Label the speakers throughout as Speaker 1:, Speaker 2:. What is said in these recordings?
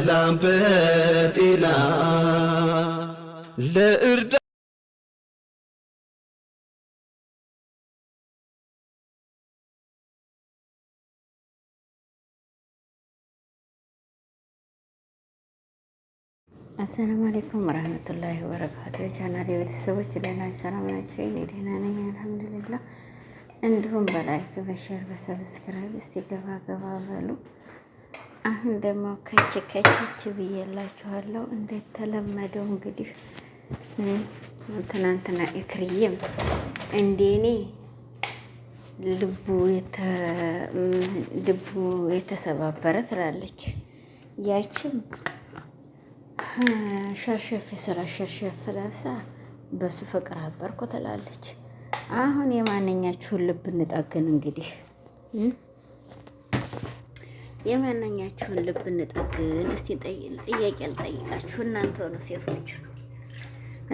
Speaker 1: በሰላም በጤና ለእርዳ አሰላሙ አለይኩም ወራህመቱላሂ ወበረካቱ። የቻናል የቤተሰቦች ደህና ሰላም ናቸው? እኔ ደህና ነኝ አልሐምዱሊላህ። እንዲሁም በላይክ በሸር በሰብስክራይብ እስቲ ገባ ገባ በሉ አሁን ደግሞ ከች ከችች ብዬላችኋለሁ። እንደተለመደው እንግዲህ ትናንትና እክርዬም እንደኔ ልቡ ልቡ የተሰባበረ ትላለች። ያችም ሸርሸፍ የስራ ሸርሸፍ ለብሳ በሱ ፍቅር አበርኩ ትላለች። አሁን የማንኛችሁን ልብ እንጠግን እንግዲህ የማናኛችሁን ልብ እንጠግን? እስቲ ጥያቄ አልጠይቃችሁ። እናንተ ነው ሴቶች፣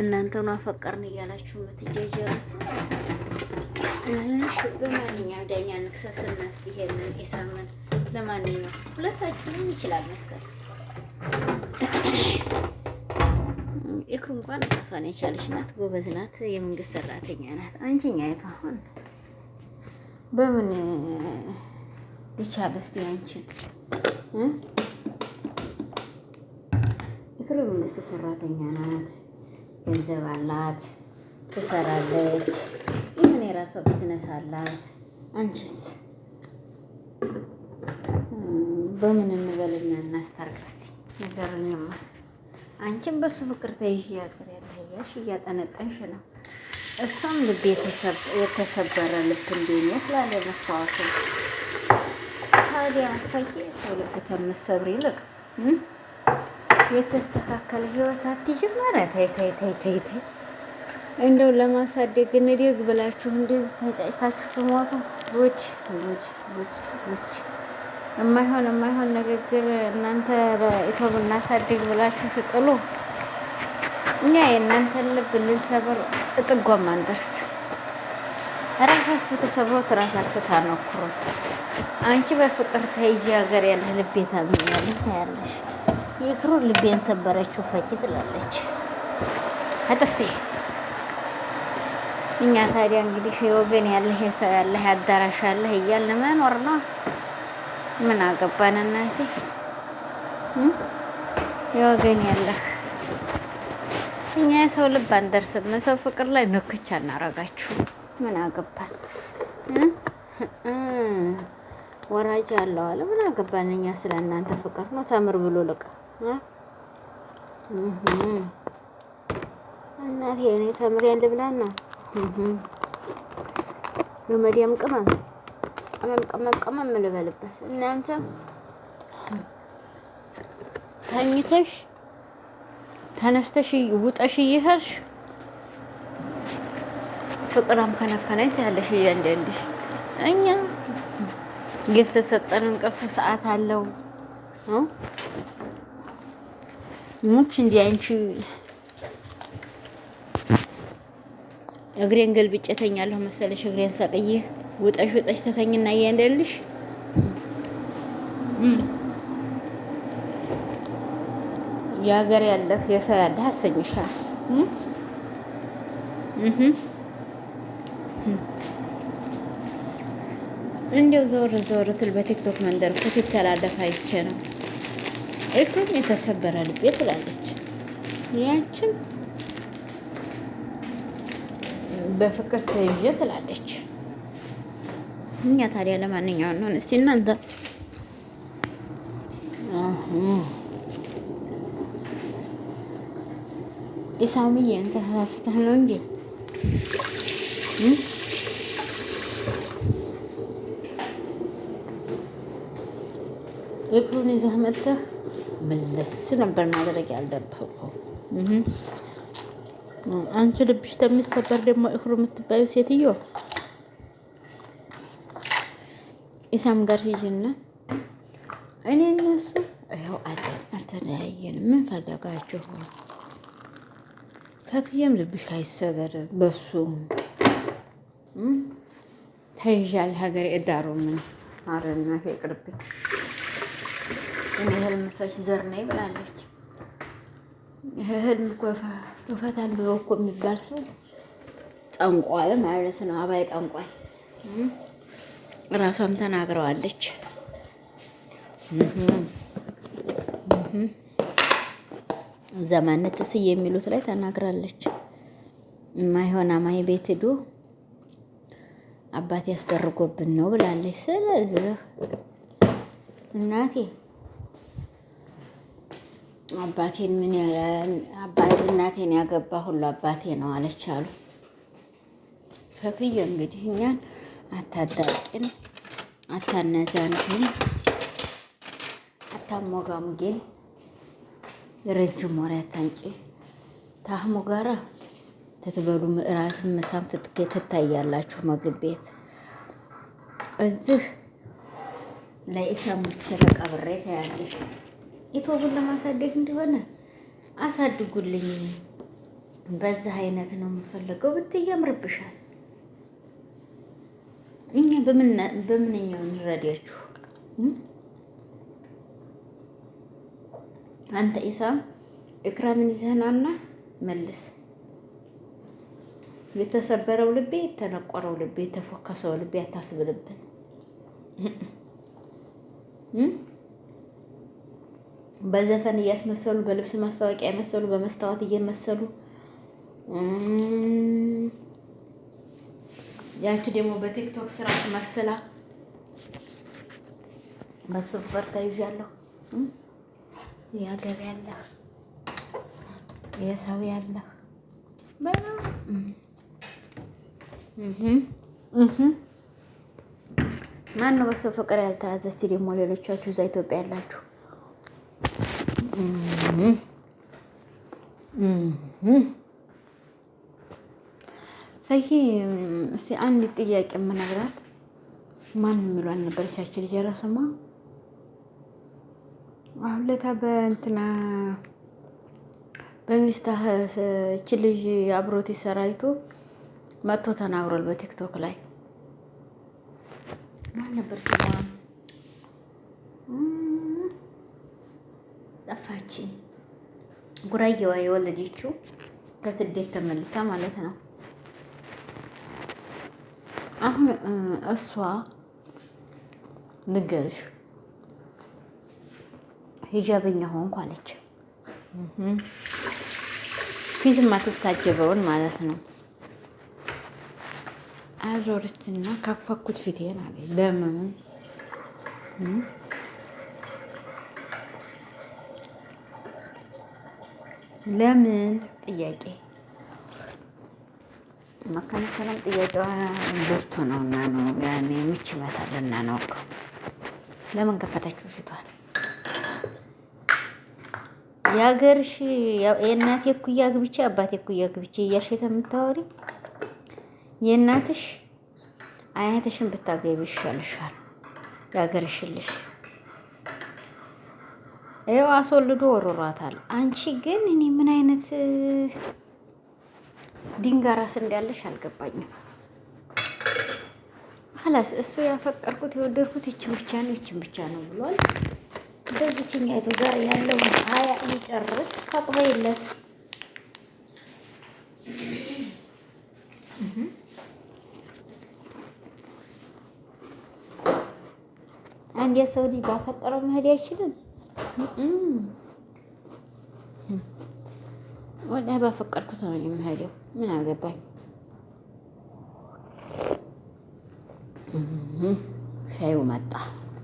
Speaker 1: እናንተ ነው አፈቀርን እያላችሁ የምትጀጀሩት። እሺ በማንኛውም ዳኛ ንክሰስና እስቲ ይሄንን ኢሳምን ለማንኛውም ሁለታችሁም ይችላል መሰል ኢክሩ እንኳን ራሷን የቻለች ናት፣ ጎበዝ ናት፣ የመንግስት ሰራተኛ ናት። አንቺኛ የት አሁን በምን ይቻል እስቲ አንቺን የክልል መንግስት ሰራተኛ ናት፣ ገንዘብ አላት፣ ትሰራለች፣ ይህን የራሷ ቢዝነስ አላት። አንቺስ በምን እንበልና እናስታርቅ እስቲ ንገሩኝማ። አንቺም በሱ ፍቅር ተይዥ ያገር ያለያሽ እያጠነጠንሽ ነው። እሷም ልብ የተሰበረ ልብ እንዲኔት ላለ መስዋዕት ታዲያ አንፋዬ ሰው ልብ ይልቅ የተስተካከለ ህይወት አትይም። ተይ ተይ ተይ ተይ ተይ እንደው ለማሳደግ እንደግ ብላችሁ እንደዚህ ተጫጭታችሁ ትሞቱ። ጉድ ጉድ የማይሆን የማይሆን ንግግር እናንተ ኢትዮብ እናሳድግ ብላችሁ ስጥሉ፣ እኛ የእናንተን ልብ ልንሰብር ጥጎማ አንደርስ። ራሳችሁ ተሰብሮት ራሳችሁ ታነኩሩት። አንቺ በፍቅር ተይዤ ሀገር ያለህ ልቤ ታምኛለህ ታያለሽ። የክሩ ልቤን ሰበረችው ፈኪ ትላለች አጥሴ። እኛ ታዲያ እንግዲህ የወገን ያለህ የሰው ያለ አዳራሽ ያለ እያልን መኖር ነው። ምን አገባን እናቴ። የወገን ያለህ እኛ የሰው ልብ አንደርስም። ሰው ፍቅር ላይ ንክች አናረጋችሁ ምን አገባን? ወራጅ አለው አለ ምን አገባን እኛ ስለ እናንተ ፍቅር ነው። ተምር ብሎ ልቅ እናቴ እኔ ተምር ያለ ብላን ነው የመዲያም ቅመም ቅመም ቅመም ቅመም ልበልበት። እናንተ ተኝተሽ ተነስተሽ ውጠሽ እየሄድሽ ፍቅራም አምከነከነኝ ትያለሽ እያንዳንድሽ። እኛ የተሰጠን እንቅልፍ ሰዓት አለው። ሙች እንዲህ አንቺ እግሬን ገልብጬ ተኛለሁ መሰለሽ? እግሬን ሰቅዬ ውጠሽ ውጠሽ ተተኝና እያንዳንድሽ የሀገር ያለህ የሰው ያለህ አሰኝሻል። እንዲያው ዞር ዞር ትል በቲክቶክ መንደር እኮ ትተላለፍ አይቼ ነው። ኤፍሬም የተሰበረ ልቤ ትላለች። ያችን በፍቅር ተይዤ ትላለች። እኛ ታዲያ ለማንኛውም ነው እስቲ እናንተ ኢሳምዬ እንተሳስተህ ነው እንጂ እግሩን ይዘህ መጥተህ መለስ ነበር ማድረግ ያለብህ። አንቺ ልብሽ ተሚሰበር ደግሞ እግሩ የምትባዩ ሴትዮ ኢሳም ጋር ሂጂና እኔ እነሱ ያው አለን አልተለያየን። ምን ፈለጋችሁ? ፈክዬም ልብሽ አይሰበር በሱ ተይዣል ሀገሬ እዳሩ ምን አረና ይቅርብኝ። እኔ ህልም ፈች ዘር ነኝ ብላለች። ህልም እኮ ፈታን ብሎ እኮ የሚባል ሰው ጠንቋይ ማለት ነው፣ አባይ ጠንቋይ እራሷም ተናግረዋለች። ዘማነት የሚሉት ላይ ተናግራለች። ማይሆና ማይ ቤት ሂዶ አባቴ ያስደርጎብን ነው ብላለች። ስለዚህ እናቴ አባቴን ምን ያለ አባት እናቴን ያገባ ሁሉ አባቴ ነው አለች አሉ ፈክዬ እንግዲህ እኛን አታዳቂን፣ አታነዛንትን፣ አታሞጋሙጌን ረጅም ወሬ አታንጪ። ታህሙ ጋራ ትትበሉ ምዕራት ምሳም ትታያላችሁ ምግብ ቤት እዚህ ለኢሳም ብትለቀብሬ ተያለሽ ኢትዮቡን ለማሳደግ እንደሆነ አሳድጉልኝ፣ በዛ አይነት ነው የምፈልገው ብትይ ያምርብሻል። እኛ በምንኛው እንረዳችሁ? አንተ ኢሳም እክራምን ይዘህናና መልስ። የተሰበረው ልቤ፣ የተነቆረው ልቤ፣ የተፎከሰው ልቤ አታስብልብን። በዘፈን እያስመሰሉ በልብስ ማስታወቂያ የመሰሉ በመስታወት እየመሰሉ ያቺ ደግሞ በቲክቶክ ስራ መስላ በሱፍ በር ተይዣለሁ። ያገብ ያለህ የሰው ያለህ ማን ነው በሱ ፍቅር ያልተያዘ? እስቲ ደግሞ ሌሎቻችሁ እዛ ኢትዮጵያ ያላችሁ ፈኪ እስቲ አንድ ጥያቄ የምነግራት ማን የሚሉ አልነበረቻችን ልጅ ኧረ ስማ አሁን ለታ በእንትና በሚፍታህ እች ልጅ አብሮት ሰራይቶ መጥቶ ተናግሯል በቲክቶክ ላይ ማን ነበር ስማ ጠፋች ጉራየዋ የወለደችው ከስደት ተመልሳ ማለት ነው። አሁን እሷ ንገርሽ ሂጃበኛ ሆንኩ አለች። ፊት ማትታጀበውን ማለት ነው። አዞረችና ከፈኩት ፊቴን አለ ለምን ለምን ጥያቄ መካነ ሰላም ጥያቄዋ ብርቱ ነውና ነው ያኔ ምች ይመታልና ነው እኮ ለምን ከፈታችሁ ሽቷል የሀገርሽ የእናቴ እኩያ ግብቼ አባቴ እኩያ ግብቼ እያልሽ የምታወሪ የእናትሽ አያትሽን ብታገቢ ይሻልሻል። የሀገርሽ ይኸው አስወልዶ ወሮሯታል። አንቺ ግን እኔ ምን አይነት ራስ እንዳለሽ አልገባኝም። ሀላስ እሱ ያፈቀርኩት የወደድኩት ይችን ብቻ ነው ይችን ብቻ ነው ብሏል። በዚችኛይቱ ጋር ያለውን ሀያ እንጨርስ ፈቅበ የለት አንድ የሰው ልጅ ባፈቀረው መሄድ አይችልም። ወላሂ ባፈቀድኩት ነው የምሄደው። ምን አገባኝ? ሻዩ መጣ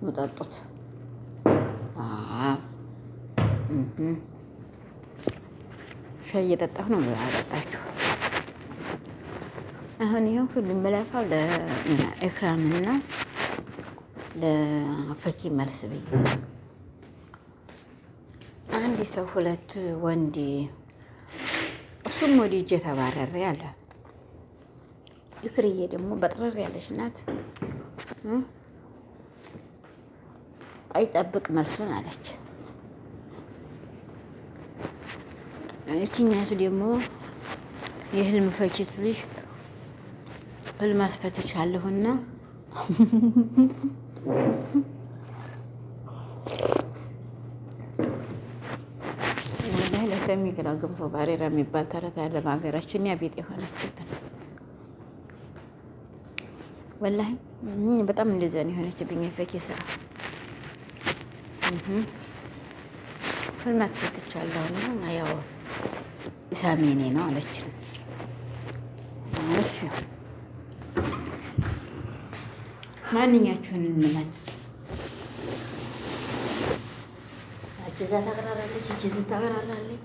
Speaker 1: ውጠጡት። ሻይ እየጠጣሁ ነው ያጠጣችሁ። አሁን ይኸው ሁሉም መላፋው ለኢክራምና ለፈኪ መልስ ብዬ አንድ ሰው ሁለት ወንድ እሱም ወዲጄ የተባረረ ያለ ይክርዬ ደግሞ በጥረር ያለች ናት። አይጠብቅ መልሱን አለች። እችኛቱ ደግሞ የህልም ፈቺት ልጅ ህልም አስፈትቻለሁና ከሚግራ ገንፎ ባሬራ የሚባል ተረት አለ በሀገራችን። ያ ቤት የሆነችብን ወላሂ በጣም እንደዛ ነው የሆነችብኝ። የፈኬ ስራ ፍልማት ፈትቻለሁ እና ያው ኢሳሜኔ ነው አለችን። እሺ ማንኛችሁን እንመን እዛ ታቅራራለች፣ እዚህ ታቅራራለች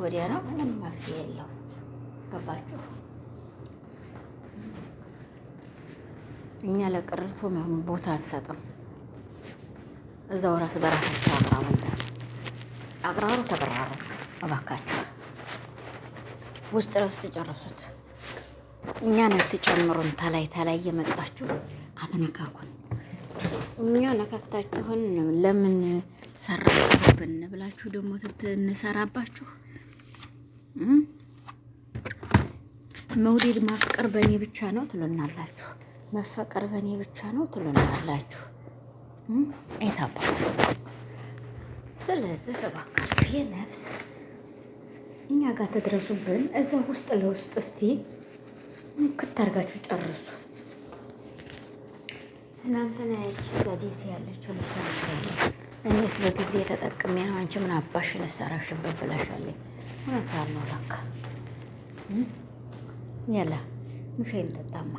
Speaker 1: ወዲያ ነው። ምንም መፍትሄ የለው። ገባችሁ? እኛ ለቀረርቶ ቦታ አትሰጥም። እዛው ራስ በራሳቸው አቅራቡ። አቅራሩ ተቀራሩ። እባካችሁ ውስጥ ለውስጥ ጨርሱት። እኛን አትጨምሩን። ተላይ ተላይ የመጣችሁ አትነካኩን። እኛ ነካክታችሁን ለምን ሰራችሁብን ብላችሁ ደግሞ ትንሰራባችሁ መውደድ ማፍቀር በእኔ ብቻ ነው ትሉናላችሁ፣ መፈቀር በእኔ ብቻ ነው ትሉናላችሁ። አይታባት ስለዚህ እባካችሁ የነፍስ እኛ ጋር ተድረሱብን። እዛ ውስጥ ለውስጥ እስቲ ክታርጋችሁ ጨርሱ። እናንተ ናያች ዛዴሴ ያለችው ልጅ እኔስ በጊዜ ተጠቅሜ ነው አንቺ ምን አባሽን ሰራሽበት ብላሻለኝ። እውነት ነው ለካ ያላ ንሻይን ጠጣማ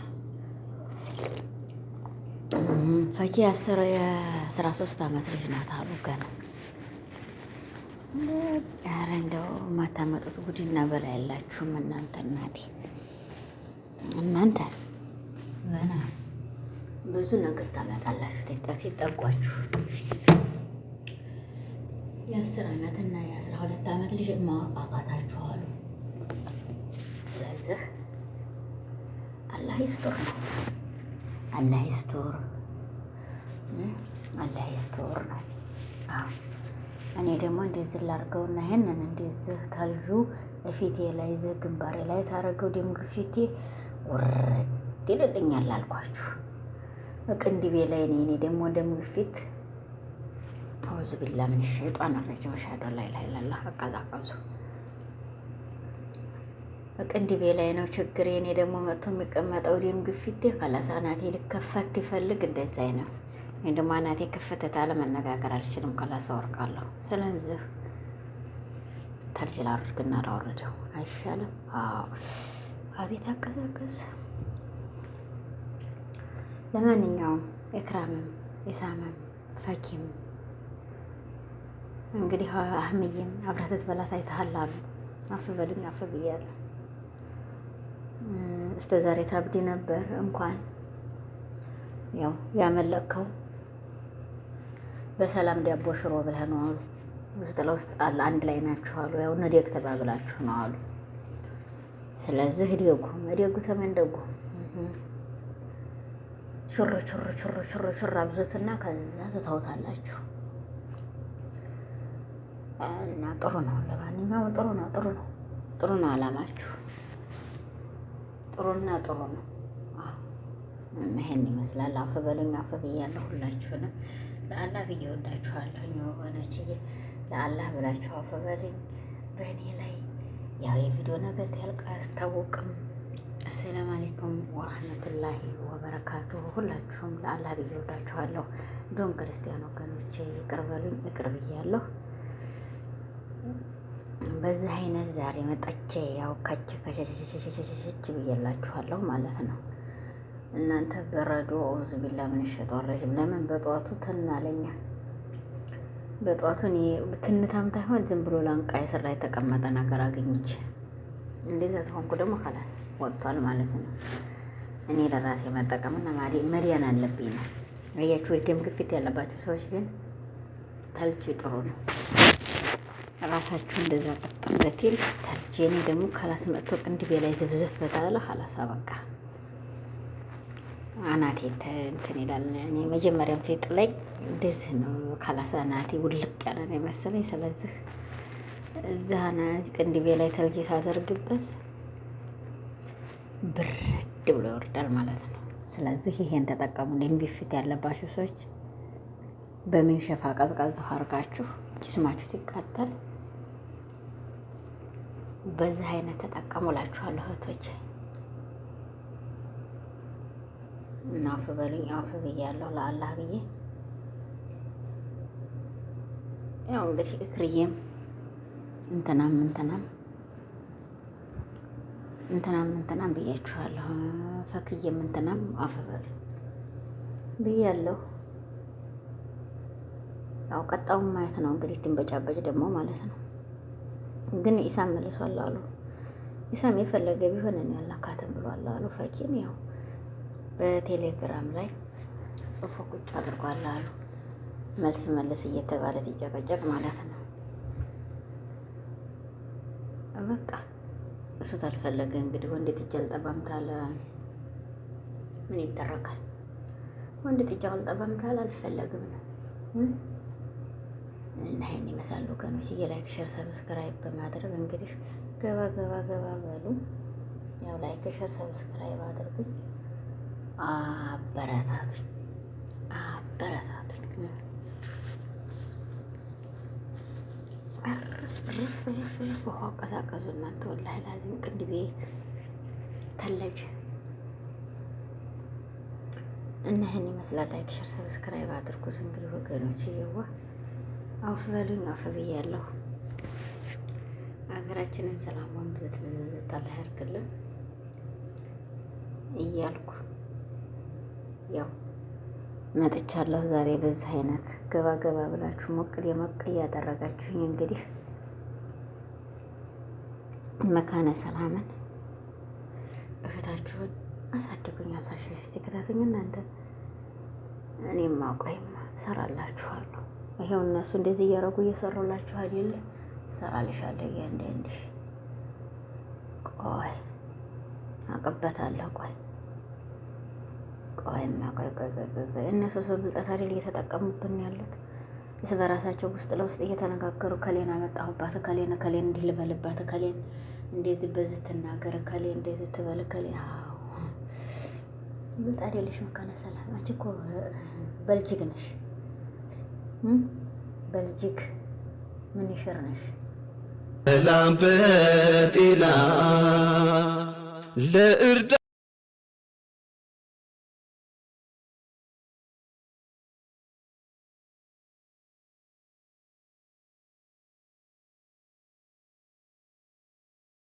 Speaker 1: ፈኪ የአስራ ሶስት አመት ልጅ ናት አሉ ገና ኧረ እንደው የማታመጡት ጉድና በላ ያላችሁም እናንተ እናቴ እናንተ ገና ብዙ ነገር ታመጣላችሁ። ትጠጓችሁ የአስር ዓመት እና የአስራ ሁለት ዓመት ልጅ ማወቅ ስለዚህ አላህ ይስጡር ነው፣ አላህ ይስጡር፣ አላህ ይስጡር ነው። እኔ ደግሞ እንደዚህ ላድርገውና ይሄንን እንደዚህ ተልጁ ፊቴ ላይ ዝህ ግንባሬ ላይ ታረገው ደም ግፊቴ ውርድ ይልልኛል አልኳችሁ። ቅንድቤ ላይ እኔ ደግሞ ደም ግፊት አውዙ ቢላ ምን ሸይጣን ረጅም ሻዶ ላይ ላይ ላላ አቀዛቀዙ ቅንድቤ ላይ ነው ችግር። እኔ ደግሞ መጥቶ የሚቀመጠው ደም ግፊቴ ከላስ አናቴ ልከፈት ይፈልግ እንደዛ ነው። እኔ ደግሞ አናቴ ከፍተታ ለመነጋገር አልችልም፣ ከላስ አወርቃለሁ። ስለዚህ ተርጅል አድርግና ላወርደው አይሻልም? አቤት አቀዛቀዝ። ለማንኛውም ኢክራምም ኢሳምም ፈኪም እንግዲህ አህምዬም አብረህ ስትበላት አይተሃል አሉ። አፍ በሉኝ አፍ ብያለሁ። እስከ ዛሬ ታብዲ ነበር እንኳን ያው ያመለከው በሰላም ዳቦ ሽሮ ብለህ ነው አሉ። ውስጥ ለውስጥ አለ አንድ ላይ ናችሁ አሉ። ያው ንዴግ ተባብላችሁ ነው አሉ። ስለዚህ ዴጉ ተመን ደጉ ቹር ቹር ቹር ቹር ቹር አብዙትና ከዛ ትታውታላችሁ። እና ጥሩ ነው። ለማንኛውም ጥሩ ነው፣ ጥሩ ነው፣ ጥሩ ነው። አላማችሁ ጥሩና ጥሩ ነው። ይሄን ይመስላል። አፈ በሉኝ፣ አፈ ብያለሁ። ሁላችሁንም ለአላህ ብዬ ወዳችኋለሁ። እኛ ወገኖች ለአላህ ብላችሁ አፈ በሉኝ። በእኔ ላይ ያው የቪዲዮ ነገር ያልቃ አያስታውቅም። አሰላም አለይኩም ወራህመቱላሂ ወበረካቱ። ሁላችሁም ለአላህ ብዬ ወዳችኋለሁ። እንዲሁም ክርስቲያን ወገኖቼ ይቅር በሉኝ፣ ይቅር ብያለሁ። በዚህ አይነት ዛሬ መጣቼ ያው ከች ከሸሸሸሸሸሸች ብዬላችኋለሁ ማለት ነው። እናንተ በረዶ ኦዝ ቢላ ምን ለምን ትናለኛ ትንታምታ ይሆን ዝም ብሎ ላንቃ የስራ የተቀመጠ ነገር አገኘች። እንደዛ ተሆንኩ ደግሞ ከላስ ወጥቷል ማለት ነው። እኔ ለራሴ አለብኝ ነው። ደም ግፊት ሰዎች ግን ጥሩ ነው። ራሳችሁ እንደዛ ጠጣም በቴል ታልጄ እኔ ደግሞ ከላስ መጥቶ ቅንድ ቤላይ ዝብዝፍ በታለ ሀላሳ አበቃ። አናቴ እንትን ይላል። እኔ መጀመሪያም ሴጥ ላይ እንደዚህ ነው ካላስ አናቴ ውልቅ ያለ ነው የመሰለኝ። ስለዚህ እዛ ቅንድቤ ላይ ተልጄ ታደርግበት ብርድ ብሎ ይወርዳል ማለት ነው። ስለዚህ ይሄን ተጠቀሙ። ግፊት ያለባችሁ ሰዎች በሚንሸፋ ቀዝቃዛው አድርጋችሁ ጅስማችሁ ይቃጠል። በዚህ አይነት ተጠቀሙላችኋለሁ እህቶች። አፍ በሉኝ አፍ ብያለሁ ለአላህ ብዬ። ያው እንግዲህ እክርዬም እንትናም እንትናም እንትናም እንትናም ብያችኋለሁ። ፈክዬም እንትናም አፍ በሉኝ ብያለሁ። ያው ቀጣውን ማየት ነው እንግዲህ ድንበጫበጭ ደግሞ ማለት ነው። ግን ኢሳም መልሷል አሉ። ኢሳም የፈለገ ቢሆን እኔ አላካትም ብሏል አሉ። ፈኪን ያው በቴሌግራም ላይ ጽፎ ቁጭ አድርጓል አሉ። መልስ መልስ እየተባለ ትጨቀጨቅ ማለት ነው። በቃ እሱ ታልፈለገ እንግዲህ ወንድ ጥጃ አልጠባም ታለ ምን ይደረጋል? ወንድ ጥጃ አልጠባም ታለ አልፈለግም ነው እና ይህን ይመስላሉ ወገኖች፣ የላይክ ሸር ሰብስክራይብ በማድረግ እንግዲህ ገባ ገባ ገባ በሉ። ያው ላይክ ሸር ሰብስክራይብ አድርጉኝ፣ አበረታቱኝ፣ አበረታቱኝ። ርፍ ርፍ ርፍ ውሃ አቀሳቀሱ እናንተ ወላሂ ላዚም ቅንድቤ ተለጀ እና ይህን ይመስላል። ላይክ ሸር ሰብስክራይብ አድርጉት እንግዲህ ወገኖች እየዋ አውፍ በሉኝ አውፍ ብያለሁ። ሀገራችንን ሰላሟን ብዝት ብዝዝት አላህ ያድርግልን እያልኩ ያው መጥቻለሁ። ዛሬ በዚህ አይነት ገባ ገባ ብላችሁ ሞቅል የሞቅ እያደረጋችሁኝ እንግዲህ መካነ ሰላምን እህታችሁን አሳድጉኝ። አምሳ ሺህ እስቲ ከታተኙ እናንተ እኔም አውቃይማ እሰራላችኋለሁ። ይሄው እነሱ እንደዚህ እያደረጉ እየሰሩላችሁ አይደለ? ሰራልሻለሁ እያንዳንድሽ። ቆይ አቅበታለሁ። ቆይ ቆይማ ቆይ ቆይ ቆይ። እነሱ ሰው ብልጠት አይደል እየተጠቀሙብን ያሉት? እስ በራሳቸው ውስጥ ለውስጥ እየተነጋገሩ ከሌን አመጣሁባት፣ ከሌን ከሌን እንዲህ ልበልባት፣ ከሌን እንደዚህ በዚህ ትናገር፣ ከሌን እንደዚህ ትበል፣ ከሌ ብልጥ አይደለሽ። መካነ ሰላም አንቺ እኮ በልጅግ ነሽ። በልጅክ ምን ይሽር ነሽ ሰላም በጤና ለእርዳ